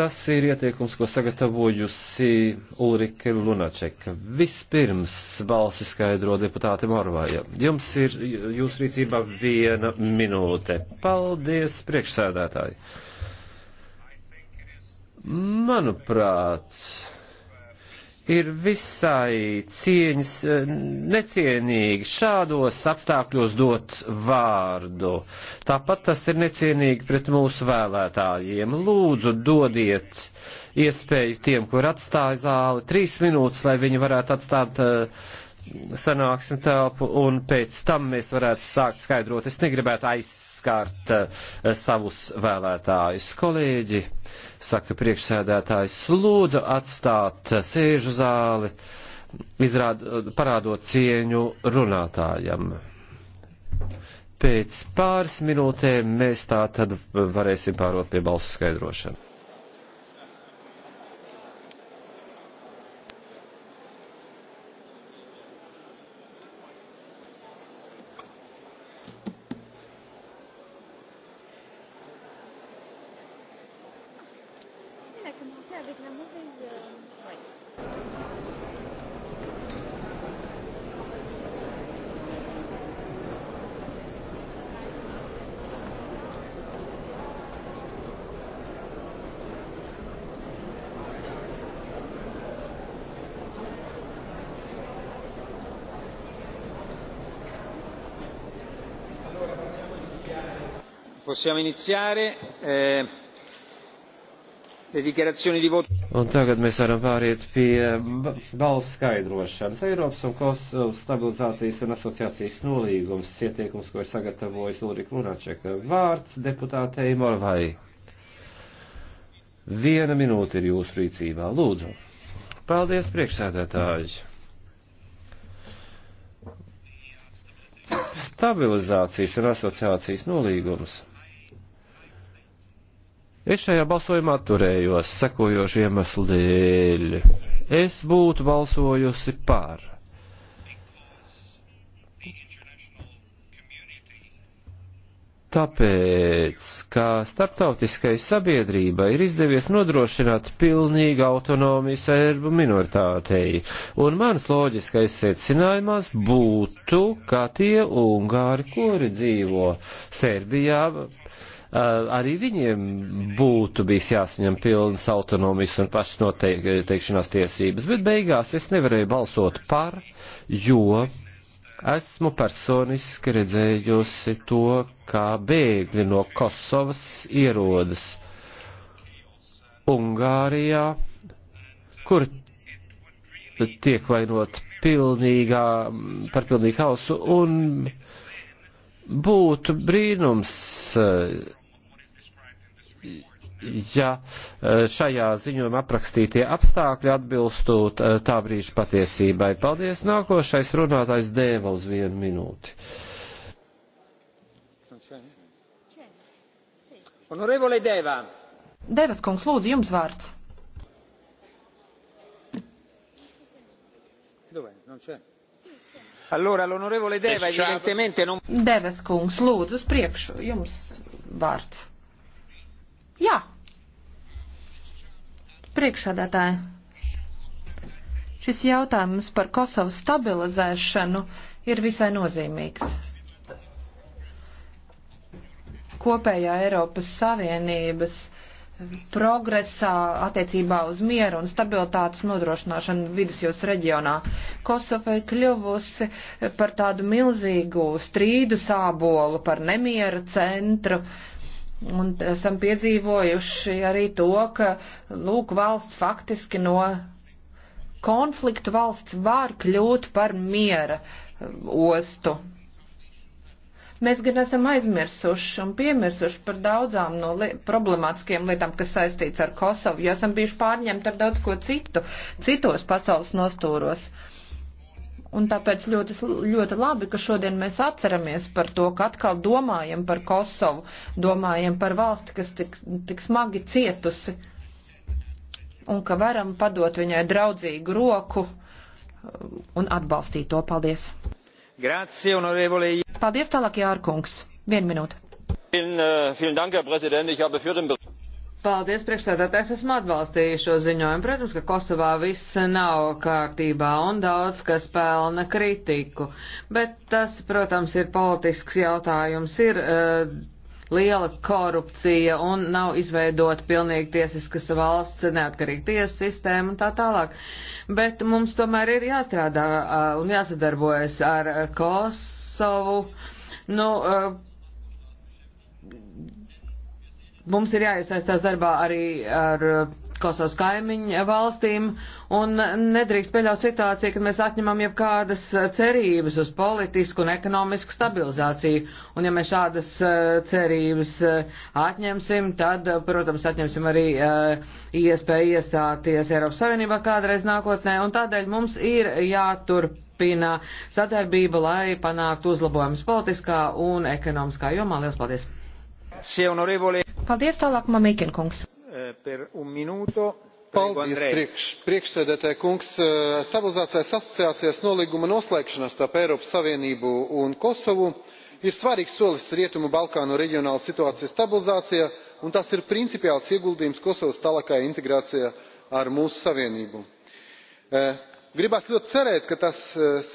Tas ir ieteikums, ko sagatavojusi Ulrike Lunačeka. Vispirms balsi skaidro deputāti Morvāja. Jums ir jūsu rīcībā viena minūte. Paldies, priekšsēdētāji. Manuprāt, ir visai cieņas, eh, necienīgi šādos apstākļos dot vārdu. Tāpat tas ir necienīgi pret mūsu vēlētājiem. Lūdzu, dodiet iespēju tiem, kur atstāja zāli, trīs minūtes, lai viņi varētu atstāt uh, sanāksmi telpu un pēc tam mēs varētu sākt skaidrot. Es negribētu aizskārt eh, savus vēlētājus. Kolēģi, saka priekšsēdētājs, lūdzu atstāt sēžu zāli, izrād, parādot cieņu runātājam. Pēc pāris minūtēm mēs tā tad varēsim pārot pie balsu skaidrošanu. Possiamo iniziare. Eh, le dichiarazioni di voto. Un tagad mēs varam pāriet pie eh, balss skaidrošanas. Eiropas un Kosovas stabilizācijas un asociācijas nolīgums, ietiekums, ko ir sagatavojis Ulrika Lunačeka. Vārds deputātei Morvai. Viena minūte ir jūsu rīcībā. Lūdzu. Paldies, priekšsēdētāji. Stabilizācijas un asociācijas nolīgums Es šajā balsojumā turējos sekojošu iemeslu dēļ. Es būtu balsojusi par. Tāpēc, kā starptautiskai sabiedrībai ir izdevies nodrošināt pilnīgu autonomiju sērbu minoritātei, un mans loģiskais secinājumās būtu, ka tie ungāri, kuri dzīvo Serbijā, arī viņiem būtu bijis jāsaņem pilnas autonomijas un pašnoteikšanās tiesības, bet beigās es nevarēju balsot par, jo esmu personiski redzējusi to, kā bēgļi no Kosovas ierodas Ungārijā, kur tiek vainot pilnīgā, par pilnīgu hausu, un būtu brīnums, ja e, šajā ziņojumā aprakstītie apstākļi atbilstu e, tā brīža patiesībai. Paldies, nākošais runātājs dēva uz vienu minūti. Honorevole Deva. Devas kungs, lūdzu, jums vārds. Allora, l'onorevole Deva, evidentemente non... Devas kungs, lūdzu, uz priekšu, jums vārds. Jā. Priekšādātāji. Šis jautājums par Kosovas stabilizēšanu ir visai nozīmīgs. Kopējā Eiropas Savienības progresā attiecībā uz mieru un stabilitātes nodrošināšanu vidusjūras reģionā. Kosova ir kļuvusi par tādu milzīgu strīdu sābolu, par nemiera centru. Uh, Un esam piedzīvojuši arī to, ka, lūk, valsts faktiski no konfliktu valsts var kļūt par miera uh, ostu. Mēs gan esam aizmirsuši un piemirsuši par daudzām no li problemātiskiem lietām, kas saistīts ar Kosovu, jo esam bijuši pārņemti ar daudz ko citu, citos pasaules nostūros. Uh, Un tāpēc ļoti, ļoti labi, ka šodien mēs atceramies par to, ka atkal domājam par Kosovu, domājam par valsti, kas tik, tik smagi cietusi, un ka varam padot viņai draudzīgu roku uh, un atbalstīt to. Paldies! Grazie, onorevole. Paldies, tālāk Jārkungs. Vienu minūtu. Vielen, uh, vielen Dank, Herr Präsident. Ich habe für den Bericht. Paldies, priekšstādātājs, esmu atbalstījis šo ziņojumu. Protams, ka Kosovā viss nav kārtībā un daudz, kas pelna kritiku, bet tas, protams, ir politisks jautājums. Ir, uh, liela korupcija un nav izveidota pilnīgi tiesiskas valsts, neatkarīga tiesa sistēma un tā tālāk. Bet mums tomēr ir jāstrādā uh, un jāsadarbojas ar Kosovu. Nu, uh, mums ir jāiesaistās darbā arī ar uh, Kosovas kaimiņu valstīm, un nedrīkst pieļaut situāciju, kad mēs atņemam jebkādas uh, cerības uz politisku un ekonomisku stabilizāciju. Un ja mēs šādas uh, cerības atņemsim, tad, protams, atņemsim arī iespēju iestāties Eiropas Savienībā kādreiz nākotnē, un tādēļ mums ir jāturpina sadarbība, lai panāktu uzlabojumus politiskā un ekonomiskā jomā. Lielas paldies! Grazie, onorevole. Paldies tālāk, Mamīkin eh, kungs. Paldies, eh, priekšsēdētāja kungs. Stabilizācijas asociācijas nolīguma noslēgšanās starp Eiropas Savienību un Kosovu ir svarīgs solis rietumu balkānu reģionālas situācijas stabilizācijā un tas ir principiāls ieguldījums kosovas tālākajā integrācijā ar mūsu savienību. Eh, gribas ļoti cerēt ka tas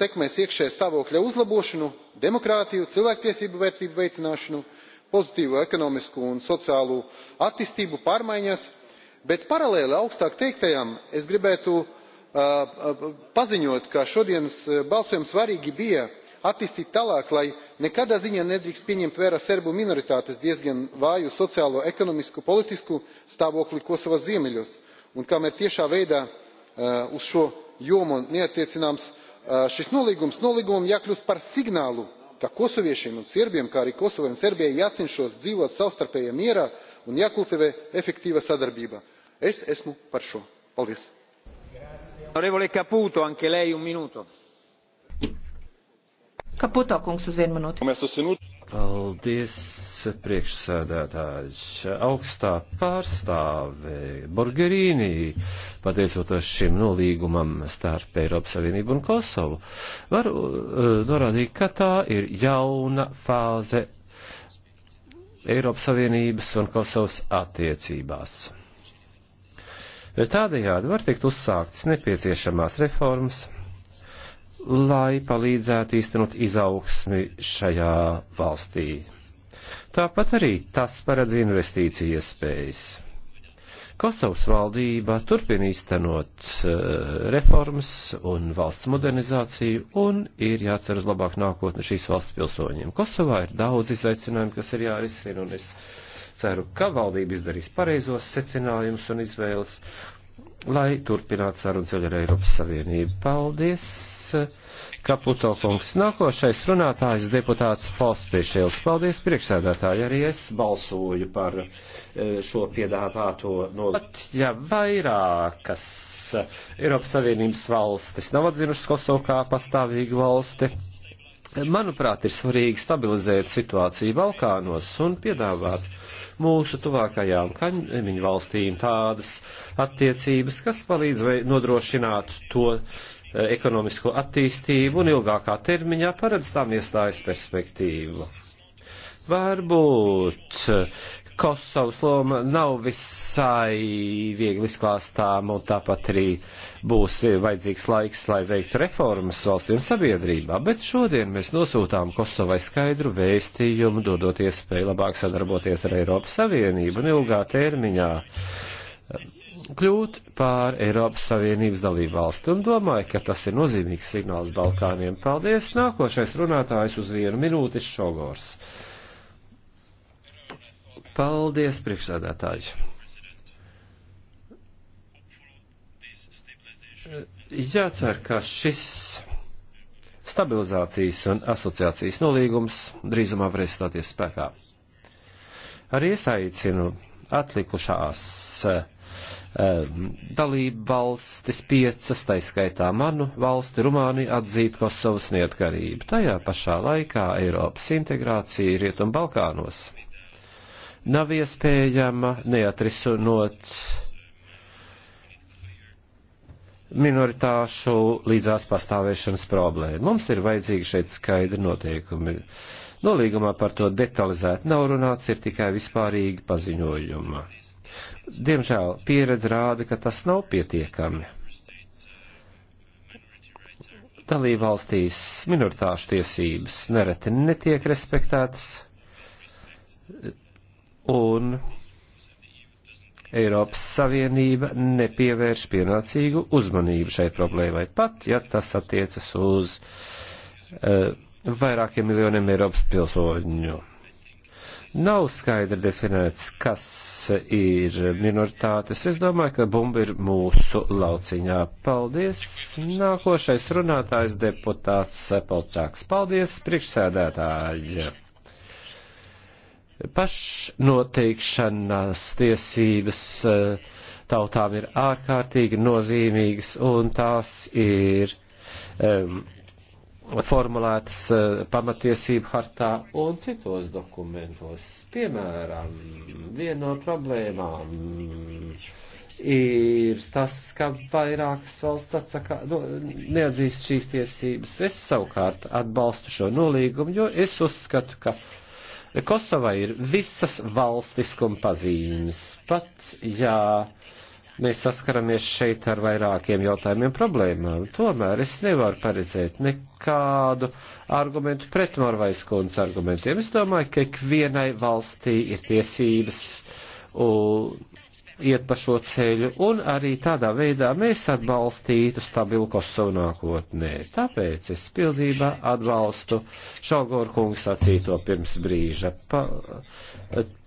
sekmēs iekšējā stāvokļa uzlabošanu demokrātiju cilvēktiesību vērtību veicināšanu pozitīvo ekonomisko un sociālo attīstību pārmaiņas bet paralēli augstāk teiktajam es gribētu paziņot ka šodienas balsojums svarīgi bija attīstīt tālāk lai nekādā ziņā nedrīkst pieņemt vērā serbu minoritātes diezgan vāju sociālo ekonomisko politisko stāvokli kosovas ziemeļos un kamēr tiešā veidā uz šo jomu neattiecinās šis nolīgums nolīgumam jākļūst par signālu ka kosoviešiem un serbiem kā arī kosovai un serbijai jācenšas dzīvot savstarpējā mierā un jākultivē efektīva sadarbība. es esmu par šo. paldies! Caputo, kungs, uz vienu minūti. Paldies, priekšsēdētājs. Augstā pārstāve Borgerīnī, pateicoties šim nolīgumam starp Eiropas Savienību un Kosovu, var uh, norādīt, ka tā ir jauna fāze Eiropas Savienības un Kosovas attiecībās. Tādējādi var tikt uzsāktas nepieciešamās reformas lai palīdzētu īstenot izaugsmi šajā valstī. Tāpat arī tas paredz investīciju iespējas. Kosovas valdība turpina īstenot eh, reformas un valsts modernizāciju un ir jācer uz labāku nākotni šīs valsts pilsoņiem. Kosovā ir daudz izaicinājumu, kas ir jārisina un es ceru, ka valdība izdarīs pareizos secinājumus un izvēles lai turpinātu sarunu ceļu ar Eiropas Savienību. Paldies, Kaputo kungs. Nākošais runātājs deputāts Pospiešils. Paldies, priekšsēdētāji, arī es balsoju par e, šo piedāvāto no ja vairākas Eiropas Savienības valstis nav atzinušas Kosovu kā pastāvīgu valsti. Manuprāt, ir svarīgi stabilizēt situāciju Balkānos un piedāvāt uh, mūsu tuvākajām kaimiņu valstīm tādas attiecības, kas palīdz nodrošināt to e, ekonomisko attīstību un ilgākā termiņā paredz tām iestājas perspektīvu. Varbūt e, Kosovas loma nav visai viegli izklāstāma un tāpat arī uh, būs vajadzīgs laiks, lai veiktu reformas valstī un sabiedrībā, bet šodien mēs nosūtām Kosovai skaidru vēstījumu, dodot iespēju labāk sadarboties ar Eiropas Savienību un ilgā termiņā um, kļūt pār Eiropas Savienības dalību valsti, un domāju, ka tas ir nozīmīgs signāls Balkāniem. Paldies! Nākošais runātājs uz vienu minūti Šogors. Paldies, priekšsēdētāji! Jācer, ka šis stabilizācijas un asociācijas nolīgums drīzumā varēs stāties spēkā. Arī es aicinu atlikušās um, dalību valstis piecas, taiskaitā manu valsti, Rumāniju, atzīt Kosovas neatkarību. Tajā pašā laikā Eiropas integrācija Rietum Balkānos nav iespējama neatrisinot minoritāšu līdzās pastāvēšanas problēma. Mums ir vajadzīgi šeit skaidri noteikumi. Nolīgumā par to detalizēti nav runāts, ir tikai vispārīgi paziņojuma. Diemžēl pieredze rāda, ka tas nav pietiekami. Dalībvalstīs minoritāšu tiesības nereti netiek respektētas, un Eiropas Savienība nepievērš pienācīgu uzmanību šai problēmai, pat ja tas attiecas uz uh, vairākiem miljoniem Eiropas pilsoņu. Nav skaidri definēts, kas ir minoritātes. Es domāju, ka bumba ir mūsu lauciņā. Paldies. Nākošais runātājs deputāts Sepolčāks. Paldies, priekšsēdētāji pašnoteikšanās tiesības eh, tautām ir ārkārtīgi nozīmīgas un tās ir um, formulētas uh, pamatiesību hartā un citos dokumentos. Piemēram, viena no problēmām ir tas, ka vairākas valsts atsaka, nu, neatzīst šīs tiesības. Es savukārt atbalstu šo nolīgumu, jo es uzskatu, ka uh, Kosovā ir visas valstiskuma pazīmes. Pat, jā, mēs saskaramies šeit ar vairākiem jautājumiem problēmām, tomēr es nevaru paredzēt nekādu argumentu pret Morvais kundas argumentiem. Es domāju, ka ikvienai valstī ir tiesības un iet pa šo ceļu, un arī tādā veidā mēs atbalstītu stabilu Kosovu nākotnē. Tāpēc es pilnībā atbalstu Šaugoru kungu sacīto pirms brīža. Pa,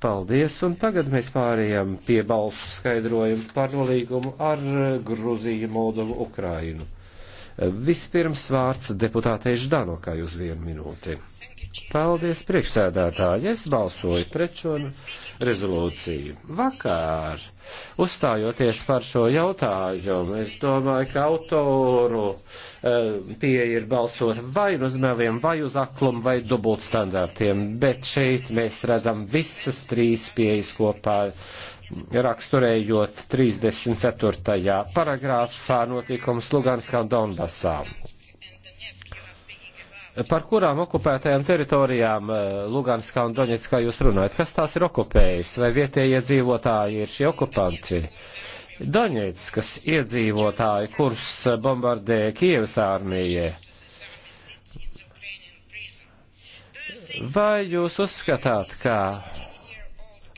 paldies, un tagad mēs pārējām pie balsu skaidrojumu par nolīgumu ar Gruziju, Moldovu, Ukrainu. Vispirms vārds deputātei Ždanokai uz vienu minūti. Paldies, priekšsēdētāji. Es balsoju pret šo rezolūciju. Vakar, uzstājoties par šo jautājumu, es domāju, ka autoru e, pieeja ir balsot vai uz meliem, vai uz aklumu, vai dubultstandartiem. Bet šeit mēs redzam visas trīs pieejas kopā raksturējot 34. paragrāfā notikums Luganskā un Donbasā par kurām okupētajām teritorijām eh, Luganskā un Doņetskā jūs runājat? Kas tās ir okupējis? Vai vietējie dzīvotāji ir šie okupanti? Doņetskas iedzīvotāji, kurus bombardē Kievas armija. Vai jūs uzskatāt, ka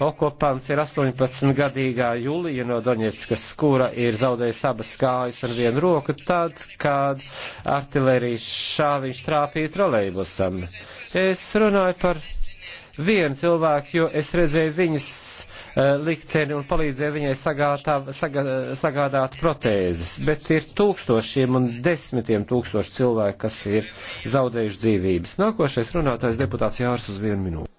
Okupants ir 18-gadīgā Julija no Doņetskas, kura ir zaudējusi abas kājas un vienu roku tad, kad artilērijas šāviņš trāpīja trolejbusam. Es runāju par vienu cilvēku, jo es redzēju viņas eh, likteni un palīdzēja viņai sagātā, saga, sagādāt protēzes. Bet ir tūkstošiem un desmitiem tūkstoši cilvēku, kas ir zaudējuši dzīvības. Nākošais runātājs deputāts Jārs uz vienu minūti.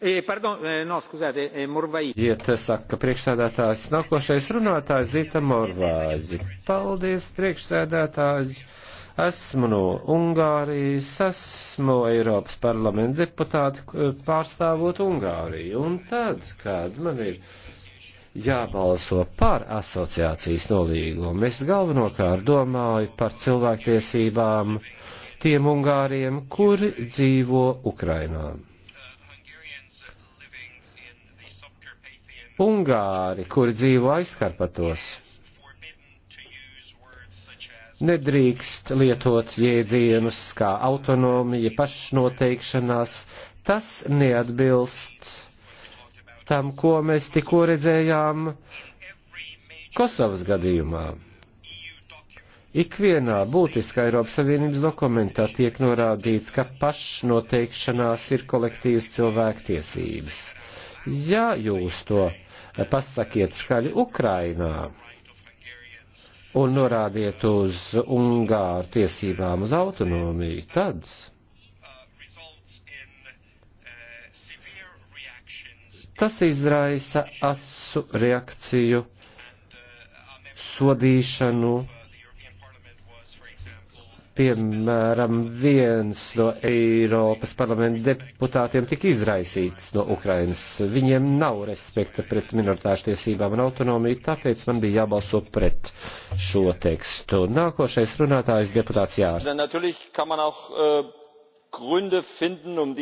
Eh, eh, eh, Iet, saka priekšsēdētājs, nākošais runātājs Zita Morvāģi. Paldies, priekšsēdētājs. Esmu no Ungārijas, esmu Eiropas parlamenta deputāti pārstāvot Ungāriju. Un tad, kad man ir jābalso par asociācijas nolīgumu, es galvenokārt domāju par cilvēktiesībām tiem Ungāriem, kuri dzīvo Ukrainām Ungāri, kuri dzīvo aizkarpatos, nedrīkst lietot jēdzienus kā autonomija, pašnoteikšanās. Tas neatbilst tam, ko mēs tikko redzējām Kosovas gadījumā. Ikvienā būtiskā Eiropas Savienības dokumentā tiek norādīts, ka pašnoteikšanās ir kolektīvas cilvēktiesības. Ja jūs to pasakiet skaļi Ukrainā un norādiet uz Ungāru tiesībām uz autonomiju, tad tas izraisa asu reakciju, sodīšanu, piemēram, viens no Eiropas parlamenta deputātiem tika izraisīts no Ukrainas. Viņiem nav respekta pret minoritāšu tiesībām un autonomiju, tāpēc man bija jābalso pret šo tekstu. Nākošais runātājs deputāts Jārs. Äh, um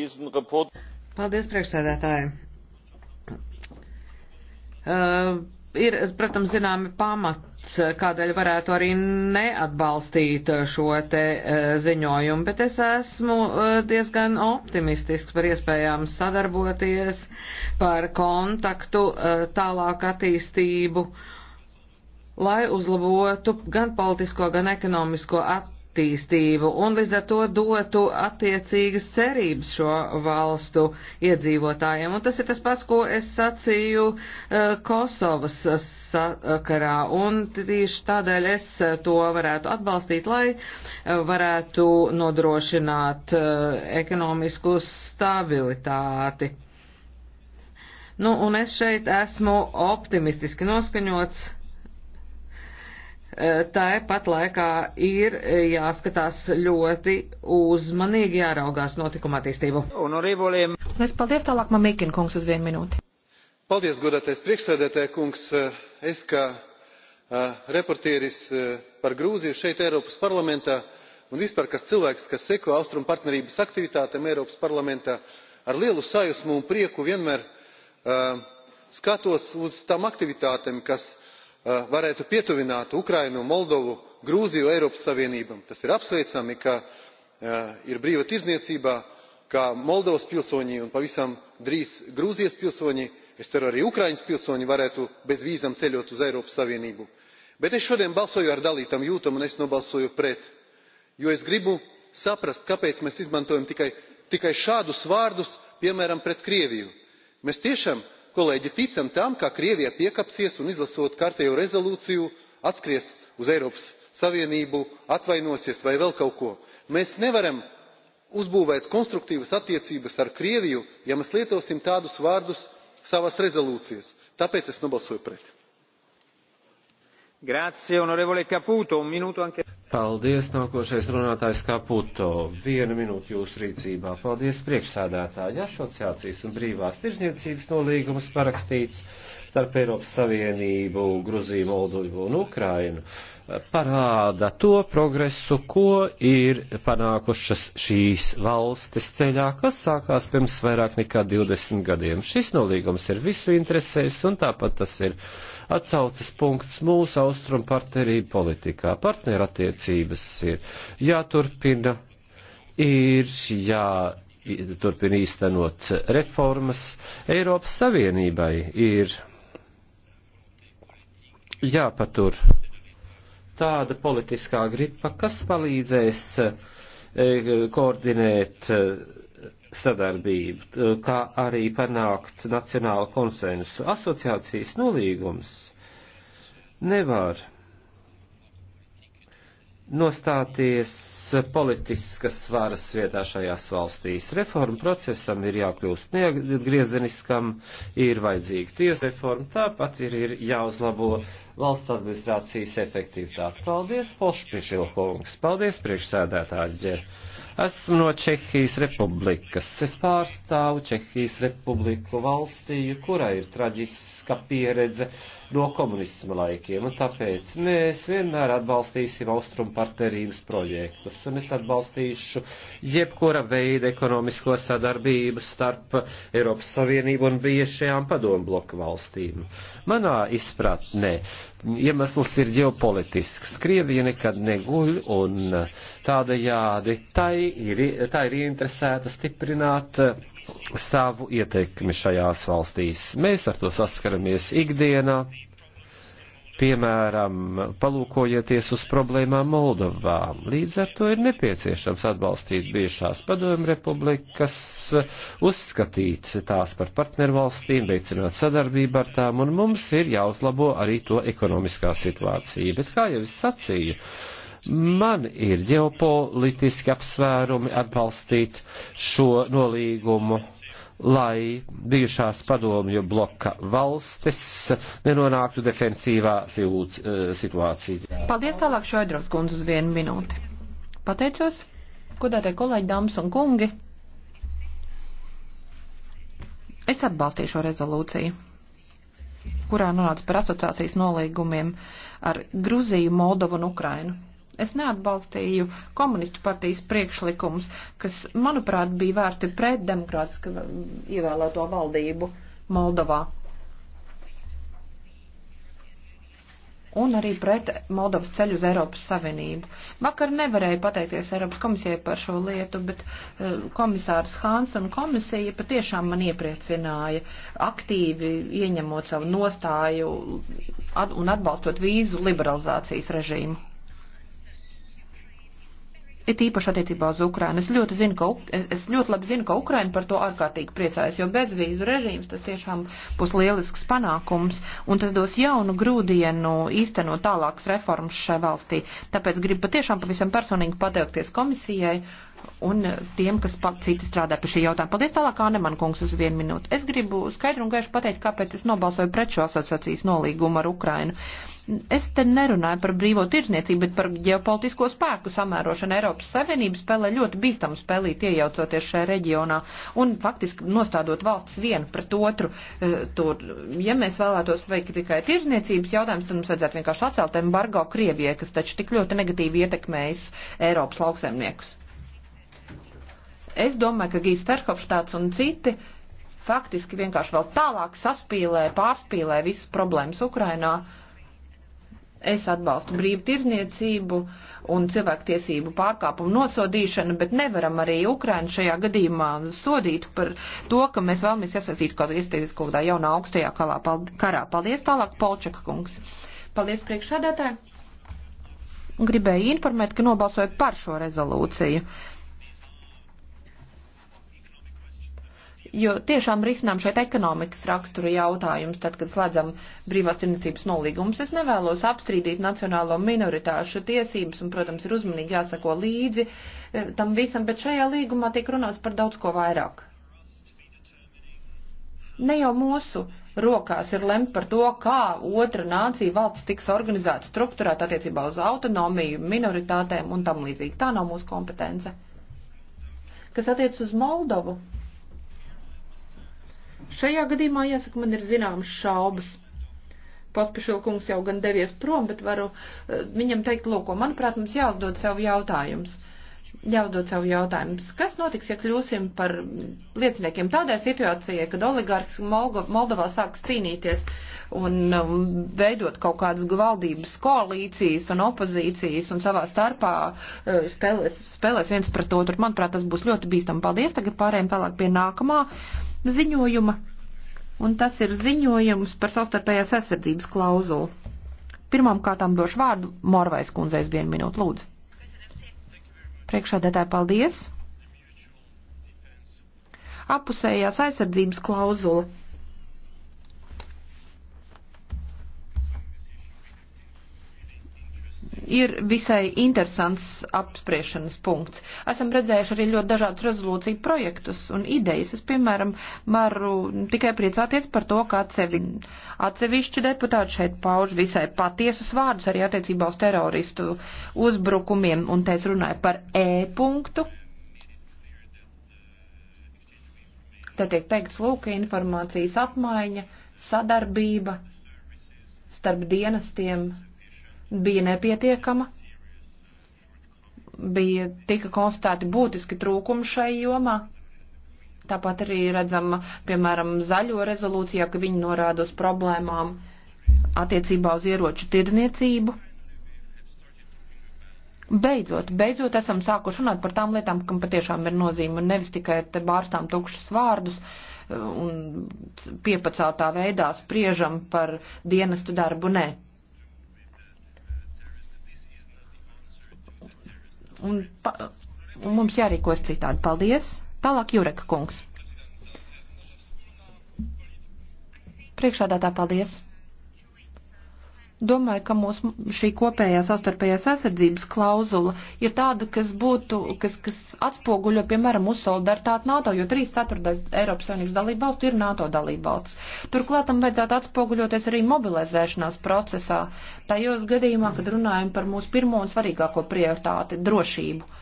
Paldies, priekšsēdētāji. Uh, ir, protams, zināmi pamati Eh, kādēļ varētu arī neatbalstīt eh, šo te eh, ziņojumu, bet es esmu diezgan optimistisks par iespējām sadarboties, par kontaktu, tālāk attīstību, lai uzlabotu gan politisko, gan ekonomisko attīstību attīstību un līdz ar to dotu attiecīgas cerības šo valstu iedzīvotājiem. Un tas ir tas pats, ko es sacīju eh, Kosovas sakarā. Un tieši tādēļ es eh, to varētu atbalstīt, lai eh, varētu nodrošināt ekonomisku stabilitāti. Nu, un es šeit esmu optimistiski noskaņots Tāpat laikā ir jāskatās ļoti uzmanīgi, jāraugās notikuma attīstību. Lies paldies tālāk, man Mīkin kungs uz vienu minūti. Paldies, godātais priekšsēdētāja kungs. Es kā uh, reportieris uh, par Grūziju šeit Eiropas parlamentā un vispār kas cilvēks, kas seko Austrum partnerības aktivitātēm Eiropas parlamentā, ar lielu sajūsmu un prieku vienmēr uh, skatos uz tām aktivitātēm, kas varētu pietuvināt ukrainu moldovu grūziju eiropas savienībai. tas ir apsveicami ka ir brīva tirdzniecība ka moldovas pilsoņi un pavisam drīz grūzijas pilsoņi es ceru arī ukrainas pilsoņi varētu bez vīzām ceļot uz eiropas savienību. bet es šodien balsoju ar dalītām jūtām un es nobalsoju pret jo es gribu saprast kāpēc mēs izmantojam tikai, tikai šādus vārdus piemēram pret krieviju. mēs tiešām kolēģi ticam tam ka krievija piekāpsies un izlasot kārtējo rezolūciju atskries uz eiropas savienību atvainosies vai vēl kaut ko. mēs nevaram uzbūvēt konstruktīvas attiecības ar krieviju ja mēs lietosim tādus vārdus savās rezolūcijās tāpēc es nobalsoju pret. Paldies, nākošais runātājs Kaputo. Vienu minūtu jūsu rīcībā. Paldies, priekšsādātāji. Asociācijas un brīvās tirzniecības nolīgums parakstīts starp Eiropas Savienību, Gruziju, Moldovu un Ukrainu. Uh, parāda to progresu, ko ir panākušas šīs valstis ceļā, kas sākās pirms vairāk nekā 20 gadiem. Šis nolīgums ir visu interesēs un tāpat tas ir atsaucas punkts mūsu austrumu partnerību politikā. Partnerattiecības ir jāturpina, ir jā. Turpin īstenot reformas. Eiropas Savienībai ir jāpatur tāda politiskā gripa, kas palīdzēs e, koordinēt e, sadarbību, kā arī panākt nacionālu konsensu. Asociācijas nolīgums nevar nostāties politiskas svaras vietā šajās valstīs. Reformu procesam ir jākļūst neatgriezeniskam, ir vajadzīga tiesa reforma, tāpat ir, ir jāuzlabo valsts administrācijas efektivitāte. Paldies, Polšpišilkungs! Paldies, priekšsēdētāji! Esmu no Čehijas republikas. Es pārstāvu Čehijas republiku valstīju, kurā ir traģiska pieredze no komunisma laikiem, un tāpēc mēs vienmēr atbalstīsim austrumu partnerības projektus, un es atbalstīšu jebkura veida ekonomisko sadarbību starp Eiropas Savienību un bijušajām padombloku valstīm. Manā izpratnē iemesls ir ģeopolitisks. Krievija nekad neguļ, un tādajādi tai ir, tā ir ieinteresēta stiprināt eh, savu ietekmi šajās valstīs. Mēs ar to saskaramies ikdienā. Piemēram, palūkojieties uz problēmām Moldovā. Līdz ar to ir nepieciešams atbalstīt bijušās padomju republikas, uzskatīt tās par partnervalstīm, veicināt sadarbību ar tām, un mums ir jāuzlabo arī to ekonomiskā situācija. Bet, kā jau es sacīju, Man ir ģeopolitiski apsvērumi atbalstīt šo nolīgumu, lai bijušās padomju bloka valstis nenonāktu defensīvā eh, situācijā. Paldies tālāk Šoidros kundz uz vienu minūti. Pateicos, godātie kolēģi, dāmas un kungi. Es atbalstīju šo rezolūciju, kurā runāts par asociācijas nolīgumiem ar Gruziju, Moldovu un Ukrainu Es neatbalstīju komunistu partijas priekšlikumus, kas, manuprāt, bija vērti pret demokrātiski ievēlēto valdību Moldovā. Un arī pret Moldovas ceļu uz Eiropas Savienību. Vakar nevarēju pateikties Eiropas komisijai par šo lietu, bet eh, komisārs Hāns un komisija patiešām man iepriecināja aktīvi ieņemot savu nostāju un atbalstot vīzu liberalizācijas režīmu. It īpaši attiecībā uz Ukrainu. Es ļoti, zinu, ka, es ļoti labi zinu, ka Ukraina par to ārkārtīgi priecājas, jo bezvīzu režīms tas tiešām būs lielisks panākums, un tas dos jaunu grūdienu īstenot tālākas reformas šai valstī. Tāpēc gribu patiešām pavisam personīgi pateikties komisijai un tiem, kas citi strādā pie šī jautājuma. Paldies tālāk, Āneman kungs, uz vienu minūti. Es gribu skaidru un gaišu pateikt, kāpēc es nobalsoju pret šo asociācijas nolīgumu ar Ukrainu. Es te nerunāju par brīvo tirzniecību, bet par ģeopolitisko spēku samērošanu. Eiropas Savienība spēlē ļoti bīstamu spēlīti iejaucoties šajā reģionā un faktiski nostādot valsts vienu pret otru. Eh, tur, ja mēs vēlētos veikt tikai tirzniecības jautājumus, tad mums vajadzētu vienkārši atcelt embargo Krievijai, kas taču tik ļoti negatīvi ietekmējas Eiropas lauksaimniekus. Es domāju, ka Gijs Ferhofštāts un citi faktiski vienkārši vēl tālāk saspīlē, pārspīlē visas problēmas Ukrainā. Es atbalstu brīvu tirzniecību un cilvēktiesību pārkāpumu nosodīšanu, bet nevaram arī Ukrainu šajā gadījumā sodīt par to, ka mēs vēlamies iesaistīt kaut kādā iestādes kaut kādā jaunā augstajā kalā, paldies, karā. Paldies tālāk, Polčaka kungs. Paldies priekšādātāji. Gribēju informēt, ka nobalsoju par šo rezolūciju. jo tiešām risinām šeit ekonomikas raksturu jautājumus, tad, kad slēdzam brīvās tirnicības nolīgumus. Es nevēlos apstrīdīt nacionālo minoritāšu tiesības un, protams, ir uzmanīgi jāsako līdzi eh, tam visam, bet šajā līgumā tiek runāts par daudz ko vairāk. Ne jau mūsu rokās ir lemt par to, kā otra nācija valsts tiks organizēta, struktūrēta attiecībā uz autonomiju, minoritātēm un tam līdzīgi. Tā nav mūsu kompetence. Kas attiec uz Moldovu? Šajā gadījumā, jāsaka, man ir zināmas šaubas. Pospišilkungs jau gan devies prom, bet varu eh, viņam teikt, lūk, manuprāt, mums jāuzdod sev jautājums jāuzdod sev jautājums, kas notiks, ja kļūsim par lieciniekiem tādā situācijā, kad oligārks Moldovā sāks cīnīties un um, veidot kaut kādas valdības koalīcijas un opozīcijas un savā starpā eh, spēlēs, spēlēs viens pret otru. Manuprāt, tas būs ļoti bīstami. Paldies. Tagad pārējiem tālāk pie nākamā ziņojuma, un tas ir ziņojums par savstarpējās aizsardzības klauzulu. Pirmām kārtām došu vārdu Morvais kundzei uz vienu minūtu lūdzu. Priekšādētāji, paldies! Apusējās aizsardzības klauzula ir visai interesants apspriešanas punkts. Esam redzējuši arī ļoti dažādus rezolūciju projektus un idejas. Es, piemēram, varu tikai priecāties par to, ka atsevi, atsevišķi deputāti šeit pauž visai patiesus vārdus arī attiecībā uz teroristu uzbrukumiem, un te es runāju par E punktu. Te tiek teikts, lūk, informācijas apmaiņa, sadarbība starp dienestiem bija nepietiekama, bija tika konstatēti būtiski trūkumi šai jomā. Tāpat arī redzama, piemēram, zaļo rezolūcijā, ka viņi norāda uz problēmām attiecībā uz ieroču tirdzniecību. Beidzot, beidzot esam sākuši runāt par tām lietām, kam patiešām ir nozīme, un nevis tikai te bārstām tukšus vārdus uh, un piepacētā veidā spriežam par dienestu darbu. Nē. Un, pa, un mums jārīkos citādi. Paldies. Tālāk Jureka kungs. Priekšādā tā paldies. Domāju, ka mūsu šī kopējā savstarpējās aizsardzības klauzula ir tāda, kas būtu, kas, kas atspoguļo, piemēram, mūsu solidaritāti NATO, jo 3 ceturtais Eiropas Savienības dalība valsts ir NATO dalība valsts. Turklāt tam vajadzētu atspoguļoties arī mobilizēšanās procesā, tajos gadījumā, kad runājam par mūsu pirmo un svarīgāko prioritāti - drošību.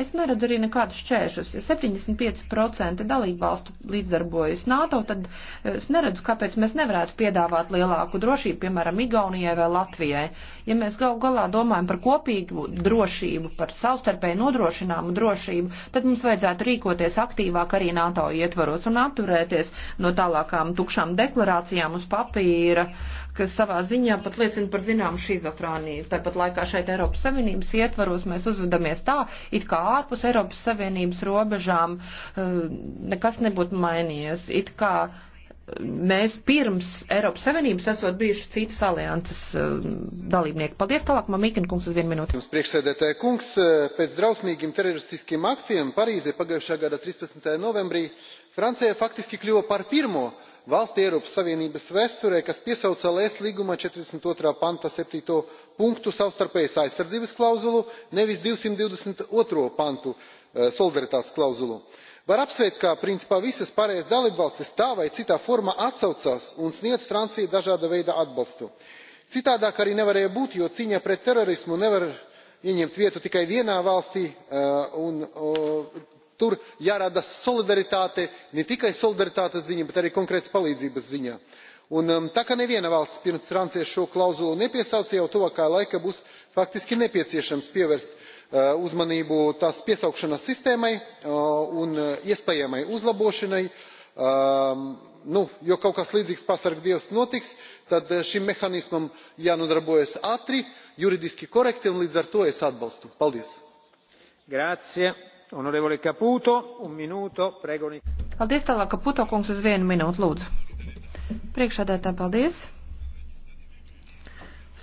Es neradu arī nekādus šķēršus. Ja 75% dalībvalstu līdzdarbojas NATO, tad eh, es neredzu, kāpēc mēs nevarētu piedāvāt lielāku drošību, piemēram, Igaunijai vai Latvijai. Ja mēs gal galā domājam par kopīgu drošību, par savstarpēju nodrošināmu drošību, tad mums vajadzētu rīkoties aktīvāk arī NATO ietvaros un atturēties no tālākām tukšām deklarācijām uz papīra. Uh, kas savā ziņā pat liecina par zināmu šizofrāniju. Tāpat laikā šeit Eiropas Savienības ietvaros mēs uzvedamies tā, it kā ārpus Eiropas Savienības robežām eh, nekas nebūtu mainījies. It kā eh, mēs pirms Eiropas Savienības esot bijuši citas alianses eh, dalībnieki. Paldies tālāk, Mamīkina kungs, uz vienu minūti. Jums priekšsēdētāja kungs, pēc drausmīgiem teroristiskiem aktiem Parīzē pagājušā gada 13. novembrī Francija faktiski kļuva par pirmo valsti eiropas savienības vēsturē kas piesauca ls līguma četrdesmit otrā panta septīto punktu savstarpējas aizsardzības klauzulu nevis divsimt divdesmit otro pantu eh, solidaritātes klauzulu. var apsveikt ka principā visas pārējās dalībvalstis tā vai citā formā atsaucās un sniedz francijai dažāda veida atbalstu. citādāk arī nevarēja būt jo cīņa pret terorismu nevar ieņemt vietu tikai vienā valstī eh, un tur jārada solidaritāte ne tikai solidaritātes ziņā bet arī konkrētas palīdzības ziņā. Um, tā kā neviena valsts pirms francijas šo klauzulu nepiesauca jau tuvākajā laikā būs faktiski nepieciešams pievērst uh, uzmanību tās piesaukšanas sistēmai uh, un uh, iespējamai uzlabošanai um, nu jo kaut kas līdzīgs pasarg dievs notiks tad šim mehānismam jānodarbojas ātri juridiski korekti un līdz ar to es atbalstu. paldies! Honorevole Caputo, un minūto, pregoni. Paldies tālāk, Caputo kungs, uz vienu minūtu, lūdzu. Priekšādētā paldies.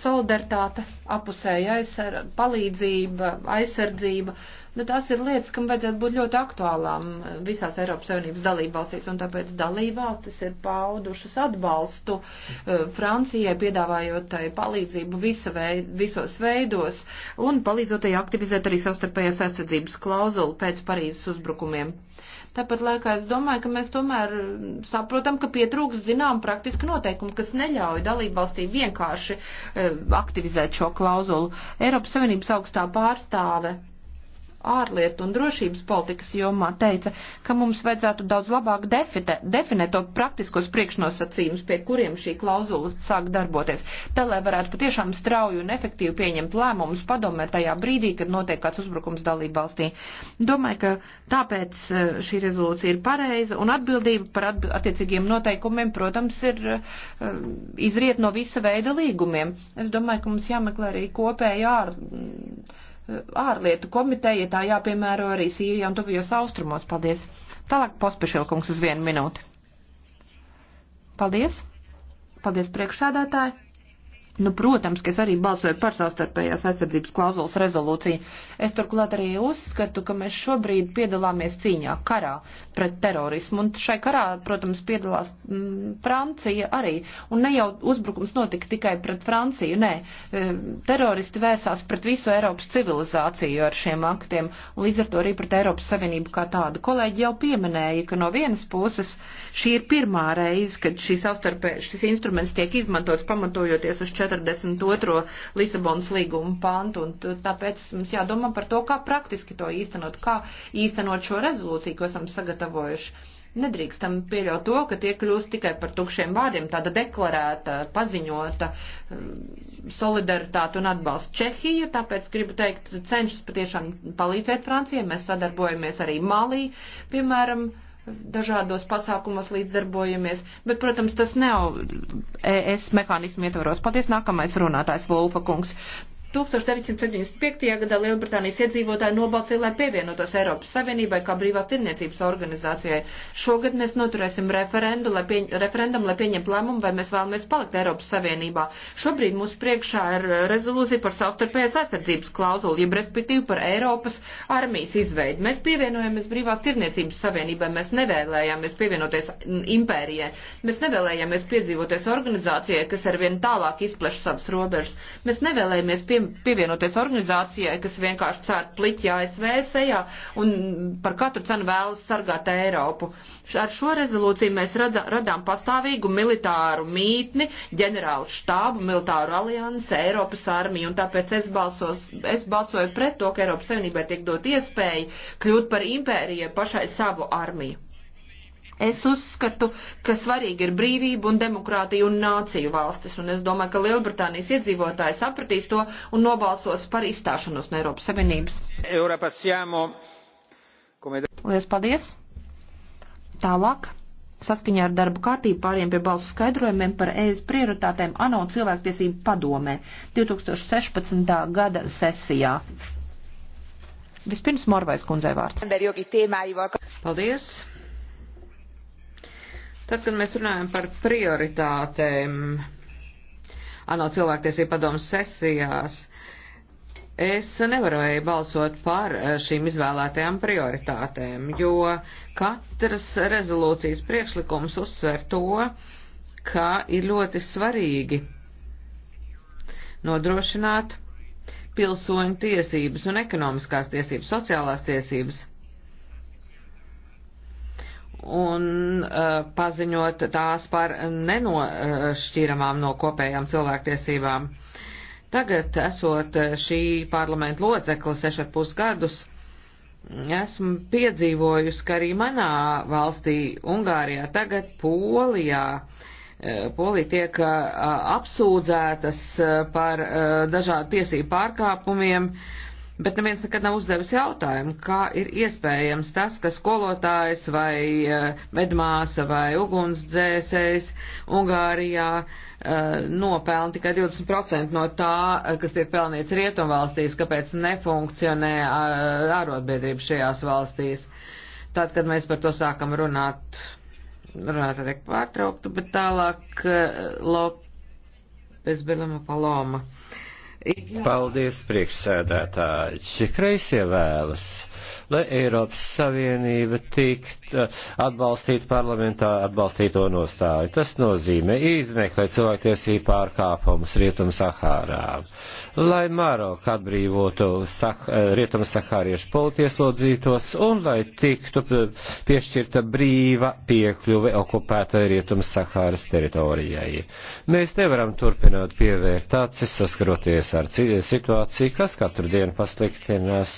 Solidaritāte, apusēja aizsar, palīdzība, aizsardzība Nu, tās ir lietas, kam vajadzētu būt ļoti aktuālām eh, visās Eiropas Savienības dalībvalstīs, un tāpēc dalībvalstis ir paudušas atbalstu eh, Francijai, piedāvājot tai palīdzību veid, visos veidos un palīdzot tai aktivizēt arī savstarpējās aizsardzības klauzulu pēc Parīzes uzbrukumiem. Tāpat laikā es domāju, ka mēs tomēr eh, saprotam, ka pietrūks zinām praktiski noteikumi, kas neļauj dalībvalstī vienkārši e, aktivizēt šo klauzulu. Eiropas Savienības augstā pārstāve ārlietu un drošības politikas jomā teica, ka mums vajadzētu daudz labāk defite, definēt to praktiskos priekšnosacījumus, pie kuriem šī klauzula sāk darboties, tā lai varētu patiešām strauju un efektīvi pieņemt lēmumus padomē tajā brīdī, kad notiek kāds uzbrukums dalību valstī. Domāju, ka tāpēc e, šī rezolūcija ir pareiza un atbildība par atb attiecīgiem noteikumiem, protams, ir uh, izriet no visa veida līgumiem. Es domāju, ka mums jāmeklē arī kopējā ar ārlietu komiteja, tā jāpiemēro arī Sīrijā un tuvijos austrumos. Paldies. Tālāk pospešilkungs uz vienu minūti. Paldies. Paldies priekšsēdētāji. Nu, protams, ka es arī balsoju par savstarpējās aizsardzības klauzulas rezolūciju. Es turklāt arī uzskatu, ka mēs šobrīd piedalāmies cīņā, karā pret terorismu. Un šai karā, protams, piedalās m, mm, Francija arī. Un ne jau uzbrukums notika tikai pret Franciju, nē. E, teroristi vērsās pret visu Eiropas civilizāciju ar šiem aktiem. Un līdz ar to arī pret Eiropas Savienību kā tādu. Kolēģi jau pieminēja, ka no vienas puses šī ir pirmā reize, kad šis, šis instruments tiek izmantots pamatojoties uz 4. 42. Lisabonas līguma pantu. Un tāpēc mums jādomā par to, kā praktiski to īstenot, kā īstenot šo rezolūciju, ko esam sagatavojuši. Nedrīkstam pieļaut to, ka tie kļūst tikai par tukšiem vārdiem, tāda deklarēta, paziņota mm, solidaritāte un atbalsts. Čehija, tāpēc gribu teikt, cenšas patiešām palīdzēt Francijai. Mēs sadarbojamies arī Malī, piemēram, uh, dažādos pasākumos līdzdarbojamies, bet, protams, tas nav ES mehānismu ietvaros. Paties nākamais runātājs Volfa kungs. 1975. gadā Lielbritānijas iedzīvotāji nobalsīja, lai pievienotos Eiropas Savienībai kā brīvās tirniecības organizācijai. Šogad mēs noturēsim referendu, lai pieņ, referendum, lai pieņemtu lēmumu, vai mēs vēlamies palikt Eiropas Savienībā. Šobrīd mūsu priekšā ir rezolūcija par savstarpējās aizsardzības klauzulu, jeb respektīvi par Eiropas armijas izveidi. Mēs pievienojamies brīvās tirniecības savienībai, mēs nevēlējāmies pievienoties impērijai, mēs nevēlējāmies piedzīvoties organizācijai, kas arvien tālāk izpleš savas robežas. Mēs nevēlējāmies pie pievienoties organizācijai, kas vienkārši cērt pliķi ASV sejā un par katru cenu vēlas sargāt Eiropu. Ar šo rezolūciju mēs radza, radām pastāvīgu militāru mītni, ģenerālu štābu, militāru aliansi, Eiropas armiju, un tāpēc es, balsos, es balsoju pret to, ka Eiropas Savienībai tiek dot iespēja kļūt par impēriju pašai savu armiju. Es uzskatu, ka svarīgi ir brīvība un demokrātija un nāciju valstis, un es domāju, ka Lielbritānijas iedzīvotāji sapratīs to un nobalsos par izstāšanos no Eiropas Savienības. E Lielas paldies! Tālāk, saskaņā ar darbu kārtību pāriem pie balsu skaidrojumiem par ES prioritātēm ANO cilvēktiesību padomē 2016. gada sesijā. Vispirms Morvais kundzei vārds. Paldies! Tad, kad mēs runājam par prioritātēm, ANO cilvēktiesība padomas sesijās, es nevarēju balsot par eh, šīm izvēlētajām prioritātēm, jo katras rezolūcijas priekšlikums uzsver to, ka ir ļoti svarīgi nodrošināt pilsoņu tiesības un ekonomiskās tiesības, sociālās tiesības un uh, paziņot tās par nenošķiramām no kopējām cilvēktiesībām. Tagad, esot šī parlamenta locekla 6,5 gadus, esmu piedzīvojusi, ka arī manā valstī, Ungārijā, tagad Polijā, uh, Polija tiek uh, apsūdzētas uh, par dažādu tiesību pārkāpumiem, uh, bet neviens nekad nav uzdevis jautājumu, kā ir iespējams tas, ka skolotājs vai eh, medmāsa vai ugunsdzēsējs Ungārijā eh, nopelna tikai 20% no tā, eh, kas tiek pelnīts rietumvalstīs, kāpēc nefunkcionē ārotbiedrība šajās valstīs. Tad, kad mēs par to sākam runāt, runāt tiek pārtrauktu, bet tālāk Lopes Bilama Paloma. Uh, Paldies, priekšsēdētāji. Kreisie vēlas lai Eiropas Savienība tikt eh, atbalstīt parlamentā atbalstīto nostāju. Tas nozīmē izmeklēt cilvēktiesību pārkāpumus Rietum Sahārā, lai Maroka atbrīvotu Sah eh, Rietum Sahāriešu politieslodzītos un lai tiktu eh, piešķirta brīva piekļuve okupētai Rietum Sahāras teritorijai. Mēs nevaram turpināt pievērt acis, saskaroties ar situāciju, kas katru dienu pasliktinās.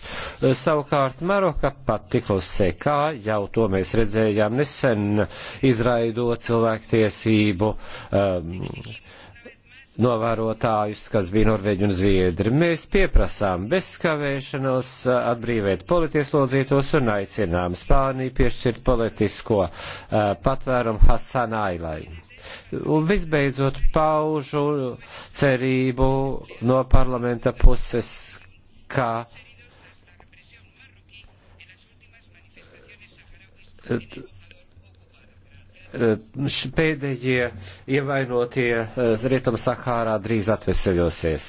Savukārt, Maroka Maroka pati klusē, kā jau to mēs redzējām nesen, izraidot cilvēktiesību um, novērotājus, kas bija Norvēģi un Zviedri. Mēs pieprasām bezskavēšanos atbrīvēt politieslodzītos un aicinām Spāniju piešķirt politisko uh, patvērumu Hasan Ailai. Un visbeidzot paužu cerību no parlamenta puses, ka pēdējie ievainotie e, Rietum Sahārā drīz atveseļosies.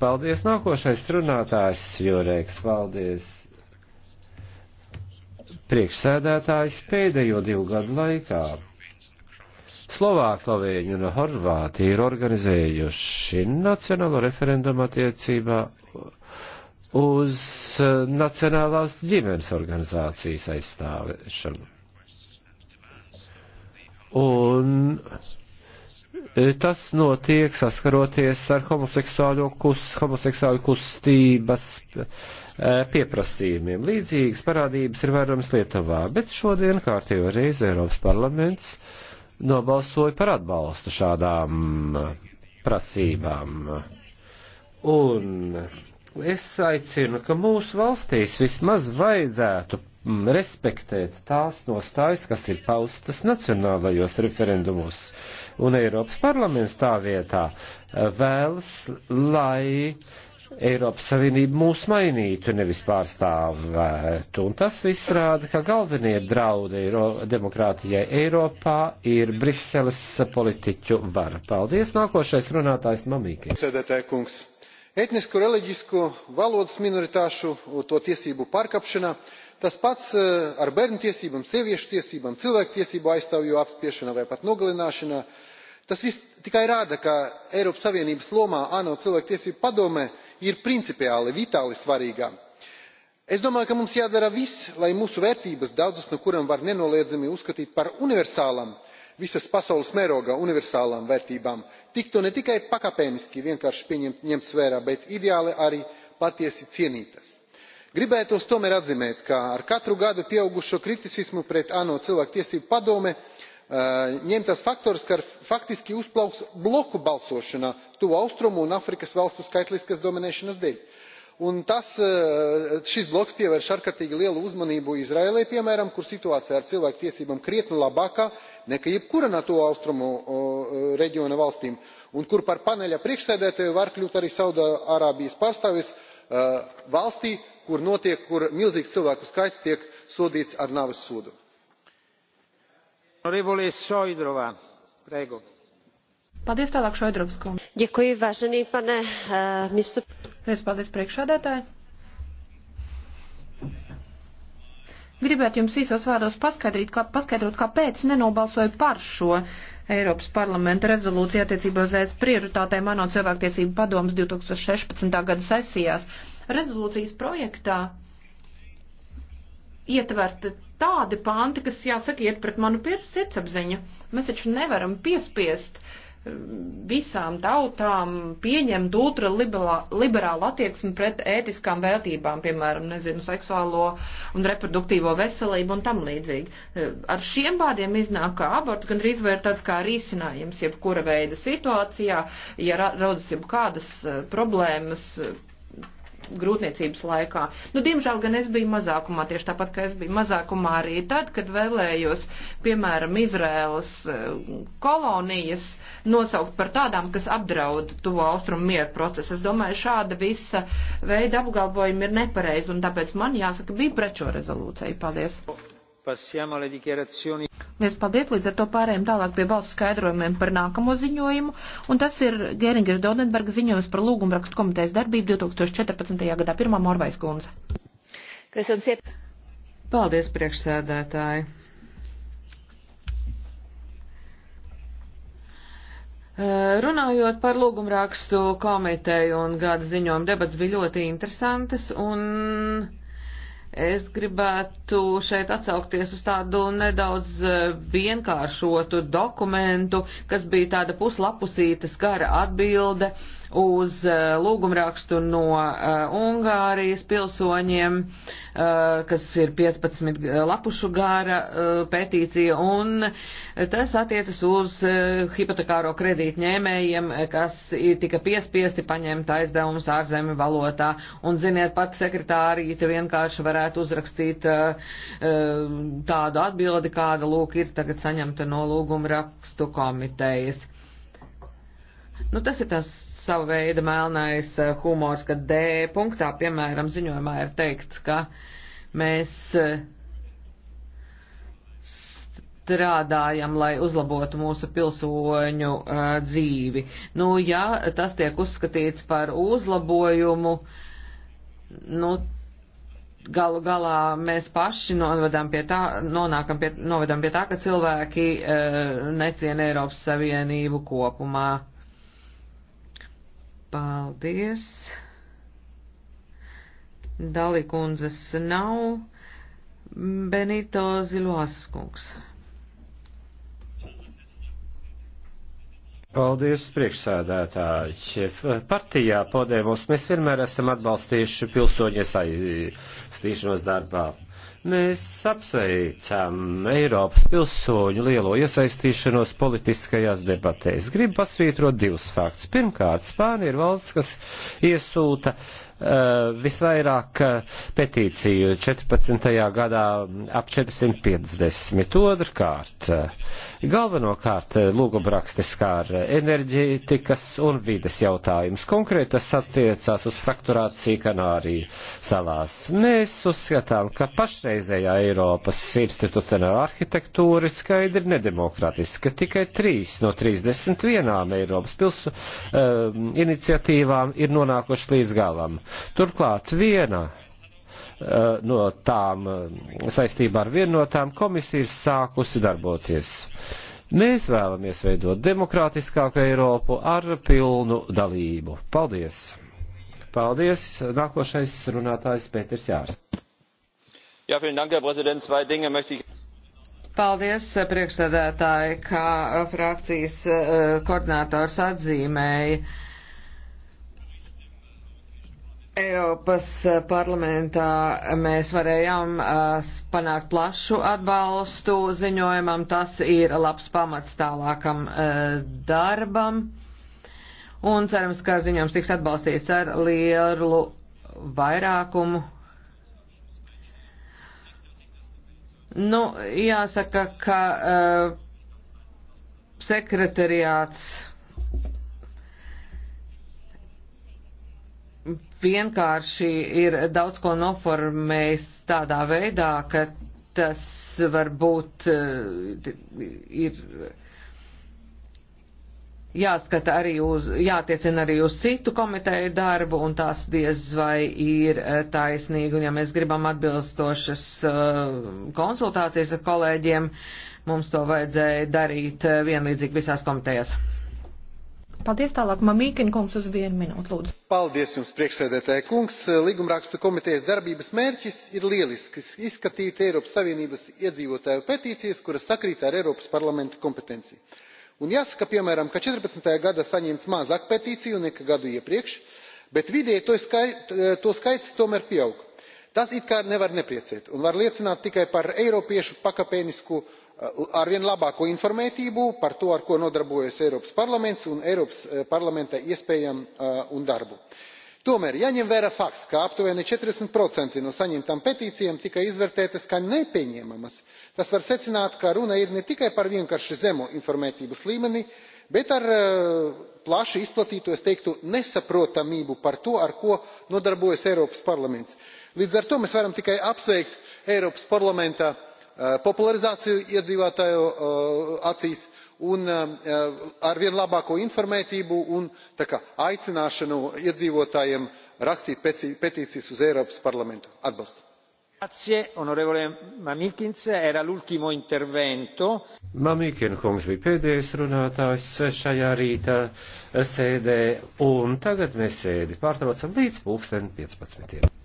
Paldies nākošais runātājs, Jureks, paldies. Priekšsēdētājs pēdējo divu gadu laikā. Slovāki, Slovēņi un Horvāti ir organizējuši nacionālo referendumu attiecībā uz e, Nacionālās ģimenes organizācijas aizstāvēšanu Un e, tas notiek saskaroties ar homoseksuāļu, kus, homoseksuāļu kustības e, pieprasījumiem. Līdzīgas parādības ir vērojams Lietuvā, bet šodien kārtējo reizi Eiropas parlaments nobalsoja par atbalstu šādām prasībām. Un es aicinu, ka mūsu valstīs vismaz vajadzētu Mm, respektēt tās nostājas, kas ir paustas nacionālajos referendumos. Un Eiropas parlaments tā vietā eh, vēlas, lai Eiropas Savienība mūs mainītu, nevis pārstāvētu. Un tas viss rāda, ka galvenie draudi Eiro, demokrātijai Eiropā ir Briseles politiķu vara. Paldies, nākošais runātājs Mamīkī. Sēdētāji kungs, etnisku reliģisku valodas minoritāšu to tiesību pārkapšana tas pats ar bērnu tiesībām sieviešu tiesībām cilvēktiesību aizstāvju apspiešanu vai pat nogalināšanu. tas viss tikai rāda ka eiropas savienības loma ano cilvēktiesību padomē ir principiāli vitāli svarīga. es domāju ka mums jādara viss lai mūsu vērtības daudzas no kurām var nenoliedzami uzskatīt par universālām visas pasaules mēroga universālām vērtībām tiktu ne tikai pakāpeniski vienkārši ņemtas vērā bet ideāli arī patiesi cienītas gribētos tomēr atzīmēt ka ar katru gadu pieaugušo kriticismu pret ano cilvēktiesību padomi eh, ņem tas faktors ka faktiski uzplauks bloku balsošana tuvu austrumu un afrikas valstu skaitliskās dominēšanas dēļ un eh, šis bloks pievērš ārkārtīgi lielu uzmanību izraēlai piemēram kur situācija ar cilvēktiesībām ir krietni labāka nekā jebkura no tuvu austrumu eh, reģiona valstīm un kur par paneļa priekšsēdētāju var kļūt arī saudarābijas pārstāvis valstī kur notiek kur milzīgs cilvēku skaits tiek sodīts ar nāves sodu. Paldies tālāk Šoidrovs kundze. Děkuji, vážený pane uh, eh, místo. Es paldies priekšādātāji. Gribētu jums īsos vārdos paskaidrot, kā, paskaidrot, kāpēc nenobalsoju par šo Eiropas parlamenta rezolūciju attiecībā uz ES prioritātēm ANO cilvēktiesību padomas 2016. gada sesijās. Rezolūcijas projektā ietverta tādi panti, kas, jāsaka, iet pret manu sirdsapziņu. Mēs taču nevaram piespiest um, visām tautām pieņemt ultraliberālu attieksmi pret ētiskām vērtībām, piemēram, nezinu, seksuālo un reproduktīvo veselību un tam līdzīgi. Uh, ar šiem vārdiem iznāk, ka aborts gandrīz vai ir tāds kā risinājums jebkura veida situācijā, ja raudzes jebkādas uh, problēmas, grūtniecības laikā. Nu, diemžēl gan es biju mazākumā, tieši tāpat kā es biju mazākumā arī tad, kad vēlējos, piemēram, Izraēlas e, kolonijas nosaukt par tādām, kas apdraud tuvo austrumu mieru procesu. Es domāju, šāda visa veida apgalvojumi ir nepareizi, un tāpēc man jāsaka, bija pret šo rezolūciju. Paldies! Liels paldies, līdz ar to pārējiem tālāk pie balsu skaidrojumiem par nākamo ziņojumu, un tas ir Gēringers Donenberga ziņojums par lūgumrakstu komitejas darbību 2014. gadā. Pirmā Morvais Gunze. Paldies, priekšsēdētāji. Runājot par lūgumrakstu komiteju un gada ziņojumu, debats bija ļoti interesantas un Es gribētu šeit atsaukties uz tādu nedaudz e, vienkāršotu dokumentu, kas bija tāda puslapusītas gara atbilde uz e, lūgumrakstu no e, Ungārijas pilsoņiem, kas ir 15 lapušu gara petīcija, un tas attiecas uz hipotekāro kredītņēmējiem, kas tika piespiesti paņemt aizdevumus ārzemju valotā. Un, ziniet, pat sekretārīte vienkārši varētu varētu uzrakstīt eh, eh, tādu atbildi, kāda lūk ir tagad saņemta no lūguma rakstu komitejas. Nu, tas ir tas sava veida melnais eh, humors, kad D punktā, piemēram, ziņojumā ir teikts, ka mēs strādājam, lai uzlabotu mūsu pilsoņu uh, dzīvi. Nu, ja tas tiek uzskatīts par uzlabojumu, nu, galu galā mēs paši novedam pie tā, nonākam pie, novedam pie tā, ka cilvēki e, neciena Eiropas Savienību kopumā. Paldies. Dalikundzes nav. Benito Ziluaskungs. Paldies, priekšsēdētāji. Partijā Podemos mēs vienmēr esam atbalstījuši pilsoņu iesaistīšanos darbā. Mēs apsveicam Eiropas pilsoņu lielo iesaistīšanos politiskajās debatēs. Gribu pasvītrot divus faktus. Pirmkārt, Spānija ir valsts, kas iesūta uh, visvairāk eh, petīciju 14. gadā ap 450. Otrkārt, eh, galvenokārt lūgumraksti skār enerģētikas un vides jautājumus. Konkrēti tas attiecās uz frakturāciju Kanāriju salās. Mēs uzskatām, ka paši pašreizējā Eiropas institucionāla arhitektūra ir skaidri nedemokratiska. Tikai 3 no 31 Eiropas pilsu um, iniciatīvām ir nonākuši līdz galam. Turklāt viena uh, no tām um, saistībā ar vienotām komisija ir sākusi darboties. Mēs vēlamies veidot demokrātiskāku Eiropu ar pilnu dalību. Paldies! Paldies! Nākošais runātājs Pēters Jārs. Ja, Dank, Herr Präsident. Zwei Dinge möchte ich. Paldies, eh, priekšsēdētāji, kā eh, frakcijas eh, koordinators atzīmēja. Eiropas parlamentā mēs varējām panākt plašu atbalstu ziņojumam. Tas ir labs pamats tālākam darbam. Un cerams, ka ziņojums tiks atbalstīts ar lielu vairākumu Nu, jāsaka, ka uh, sekretariāts vienkārši ir daudz ko noformējis tādā veidā, ka tas varbūt uh, eh, ir jāskata arī uz, jātiecina arī uz citu komiteju darbu, un tās diez vai ir eh, taisnīgi, un ja mēs gribam atbilstošas eh, konsultācijas ar kolēģiem, mums to vajadzēja darīt eh, vienlīdzīgi visās komitejās. Paldies tālāk, Mamīkin kungs, uz vienu minūtu, lūdzu. Paldies jums, priekšsēdētāja kungs. Līgumrakstu komitejas darbības mērķis ir lielisks - izskatīt Eiropas Savienības iedzīvotāju petīcijas, kuras sakrīt ar Eiropas parlamenta kompetenciju un jāsaka piemēram ka četrpadsmitajā gadā saņemts mazāk petīciju nekā gadu iepriekš bet vidēji to skaits tomēr pieaug. tas it kā nevar nepriecēt un var liecināt tikai par eiropiešu pakāpenisku eh, arvien labāko informētību par to ar ko nodarbojas eiropas parlaments un eiropas eh, parlamenta iespējām eh, un darbu tomēr jāņem vērā fakts ka aptuveni četrdesmit no saņemtām peticijām tika izvērtētas kā nepieņemamas. tas var secināt ka runa ir ne tikai par vienkārši zemu informētības līmeni bet par e, plaši izplatītu es teiktu nesaprotamību par to ar ko nodarbojas eiropas parlaments. līdz ar to mēs varam tikai apsveikt eiropas parlamenta e, popularizāciju iedzīvotāju e, acīs un um, uh, arvien labāko informētību un aicināšanu iedzīvotājiem rakstīt petīcijas uz eiropas parlamentu. atbalstu. mamikina kungs bija pēdējais runātājs šajā rīta sēdē un tagad mēs sēdi pārtraucam līdz pulksten piecpadsmitiem.